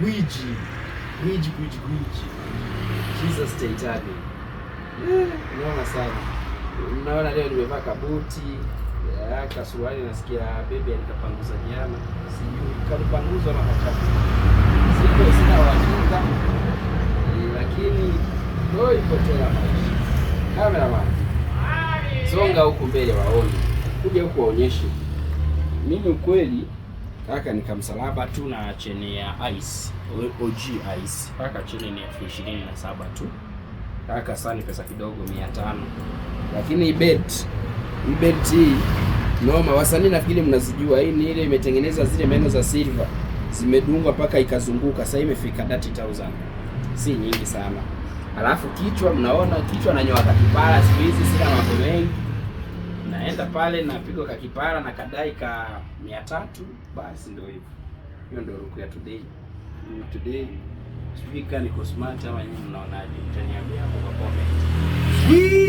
gwiji gwiji gwiji gwiji. Jesus taitani, eh, unaona sana. Mnaona leo nimevaa kabuti eh, kasuruali, nasikia bebe alikapanguza jana, sijui kalipanguzwa na machafu, sio sina wakinga, eh, lakini ndio oh, iko maisha. Kameraman, songa huku mbele waone, kuja huku waonyeshe mimi ukweli kaka, ni kamsalaba tu na cheni ya ice OG ice kaka, cheni ni elfu ishirini na saba tu kaka, saa ni pesa kidogo, mia tano lakini ibet ibet hii noma. Wasanii nafikiri mnazijua, hii ni ile imetengeneza zile meno za silver zimedungwa mpaka ikazunguka, sasa imefika 30000 si nyingi sana. Alafu kichwa mnaona kichwa na nyoka siku hizi sina mambo mengi naenda pale napigwa kakipara na kadai ka mia tatu, basi ndio hivyo. Hiyo ndio ruku ya today today. Sijui ni niko smart ama nyinyi mnaonaje, mtaniambia hapo kwa comment.